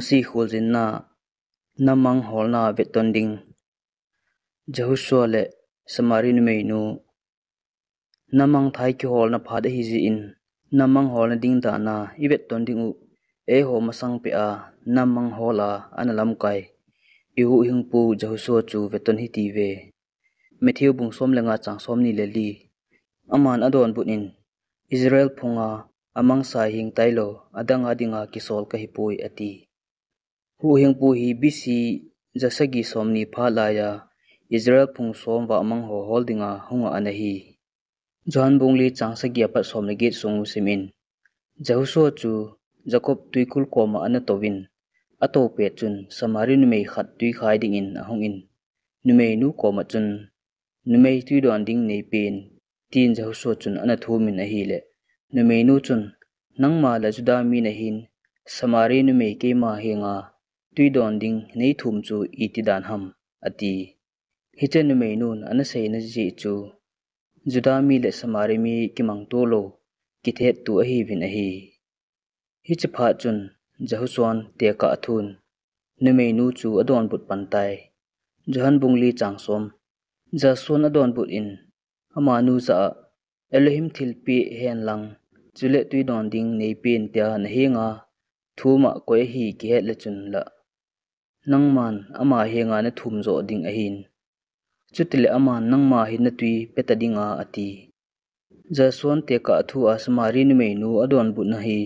masih holzin na namang holna vetonding jahuswa le samarin meinu namang thai ki holna phade hi in namang holna ding da na ibet tonding u e ho masang pe a namang hola analam kai iu hing pu jahuswa chu veton hi ti ve methiu bung chang som ni aman adon bunin israel phunga amang sa hing tailo adang adinga kisol ka ati hu heng pu hi bi si ja sa gi som ni pha la ya israel phung som wa mang ho holding a hung a na hi jan bung li chang sa gi pa som ni gi sung u simin ja hu so chu jacob tui kul ko ma an to win a to pe chun samari nu mei khat tui khai ding in a chun nu mei tui tin ja hu so tui don ding nei thum chu i ti dan ham ati hi chen mei nun an sei na ji chu juda mi le samari mi ki mang to lo ki the tu a hi vin a hi hi che pha chun jahu swan te ka thun nu mei nu chu adon but pan tai jahan bungli chang som ja swan adon but in ama nu za elohim thil pi hen lang chule tui don ding nei pen tia na he nga thuma ko hi ki het le chun la nangman ama henga na thumzo ding ahin chutile ama nangma hinna tui petadinga ati ja suan te ka thu asmarin me nu adon bu na hi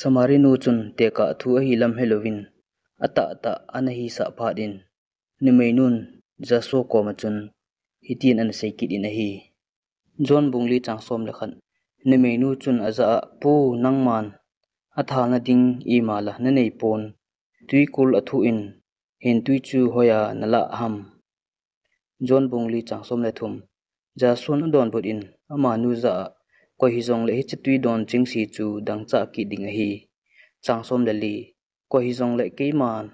samarin u chun te ka thu a hi lam helovin ata ata anahi sa pha din ni me nun ja so ko ma chun hitin an sei ki din hi zon chun aza pu nangman athana ding i mala na nei in hin tui chu hoya nala ham john bungli changsom le thum ja sun don bot in ama nu za ko hi jong le hi chitui don ching si chu dang cha ki ding hi changsom le li ko hi jong le ke man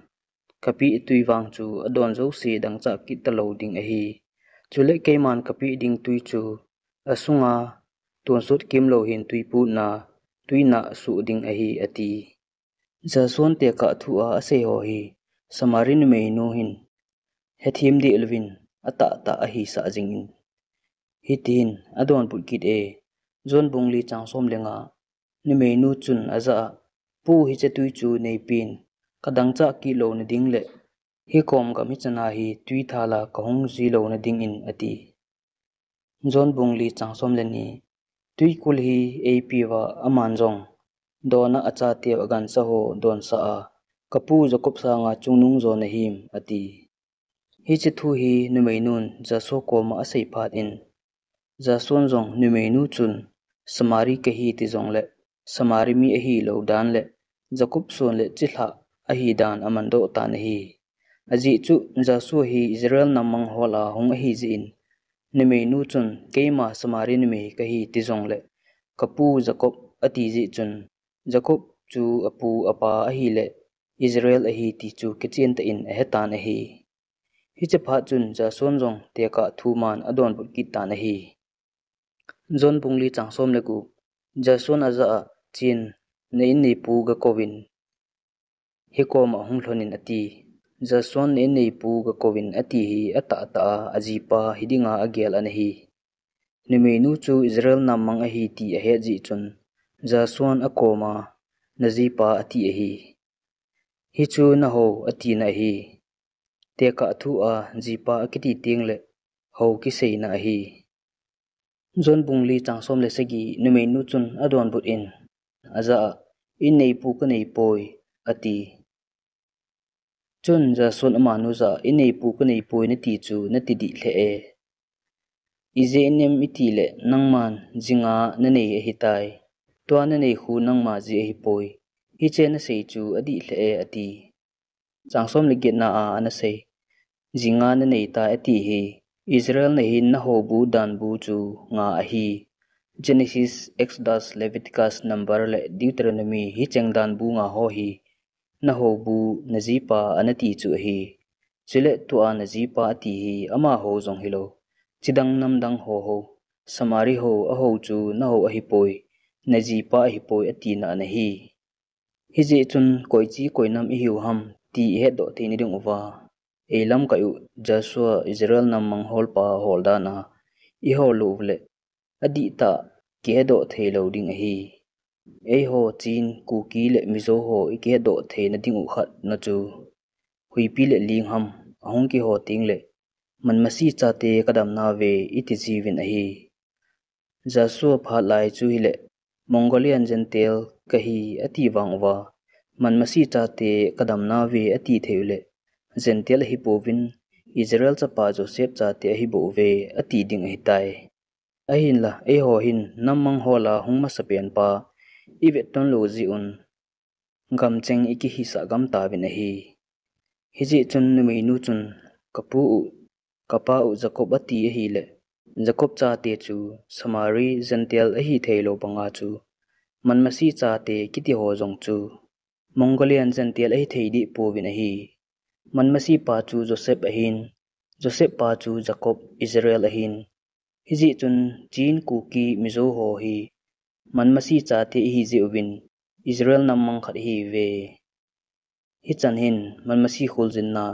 kapi tui wang chu adon zo si dang cha ki ta lo ding hi chu le ke man kapi ding tui chu asunga tuan sut kim lo hin tui pu na tui na su ding a hi ati za son te ka thu a se ho hi samarin me nu hin he thim di elvin ata ta a hi sa jing in hi tin adon pu kit e zon bung li chang som lenga ni me nu chun aza pu hi che tu chu nei pin kadang cha ki lo ne ding le hi kom ga mi chana hi tui tha la kong zi lo ne ding in ati zon bung li chang som le ni tui kul hi ap wa aman jong dona acha te wa gan sa kapu jakob sa nga chungnung zo na him ati hi chi thu hi numei nun za so ko ma asei phat in za son zong numei nu chun samari ke hi ti zong le samari mi a hi lo dan le jakob son le chi hla a hi dan aman do ta na hi aji chu za so hi israel na mang hola hong hi ji in numei nu chun keima samari numei ke hi ti zong le kapu jakob ati ji chun jakob chu apu apa a hi le Israel ahi ti chu kichin ta in ahe ta na hi. Hi cha pha chun za son zong te ka thu man adon put ki ta na hi. Zon pung li chang som le ku, za son a za a chin na in ni pu ga kovin. Hi ko ati, za na in ga kovin ati hi a a a ji pa hi di nga a ahi ti ahe ji chun, na ji ati ahi. hi chu na ho ati na hi te ka thu a jipa ki ti ting le ho ki sei na hi zon bung li chang som le segi nume nu chun adon but in aza in nei pu ka nei poi ati chun ja sol ama nu za in nei pu ka nei poi na ti chu na ti di le e ize nem iti le man jinga na nei a e tai, to na nei khu nangma ji a e hi poi ki chen na sei chu adi hle e ati changsom le get na a ana sei jinga na nei ta ati hi israel na hin na ho bu dan bu chu nga a hi genesis exodus leviticus number le deuteronomy hi chengdan bu nga ho hi na ho bu na ji pa anati chu hi chile tu a na ji pa ati hi ama ho zong hilo chidang nam dang ho ho samari ho a ho chu na ho a hi poi na ji pa hi poi ati na na hi hi ji chun koi chi koi nam hi hu ham ti he do the ni dung wa e lam ka yu joshua israel nam mang hol pa hol da na i ho lu vle adi ta ke do the lo ding hi e ho chin ku ki le mi zo ho i ke do the na ding u khat na chu hui pi le ling ham ahong ki ho ting le man masi cha te kadam na ve iti jivin ahi jasua pha lai chu hi le mongolian gentel kahi ati wangwa manmasi cha te kadamna ve ati theule gentel hi povin israel cha pa joseph cha te hi bo ve ati ding hi tai ahin la e ho hin namang hola hungma sapian pa ive ton lo ji un gam cheng iki hi sa gam ta bin hi hi ji chun numi nu chun kapu kapa u jakob ati hi le zakop cha te chu samari zentel ahi thailo banga chu manmasi cha te kiti ho jong chu mongolian zentel ahi thaidi povin ahi manmasi pa chu joseph ahin joseph pa chu jakob israel ahin hiji chun chin ku ki mizo ho hi manmasi cha te hi ubin israel nam mang khat hi hin manmasi khul jin na